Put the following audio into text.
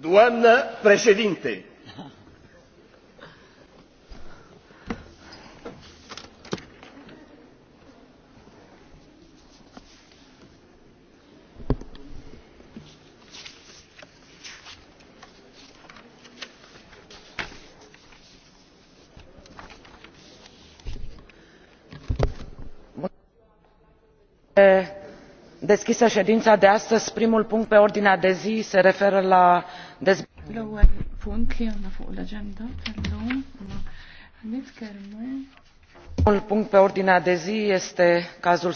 Doamnă președinte, deschisă ședința de astăzi. Primul punct pe ordinea de zi se referă la dezbaterea pe ordinea de zi este cazul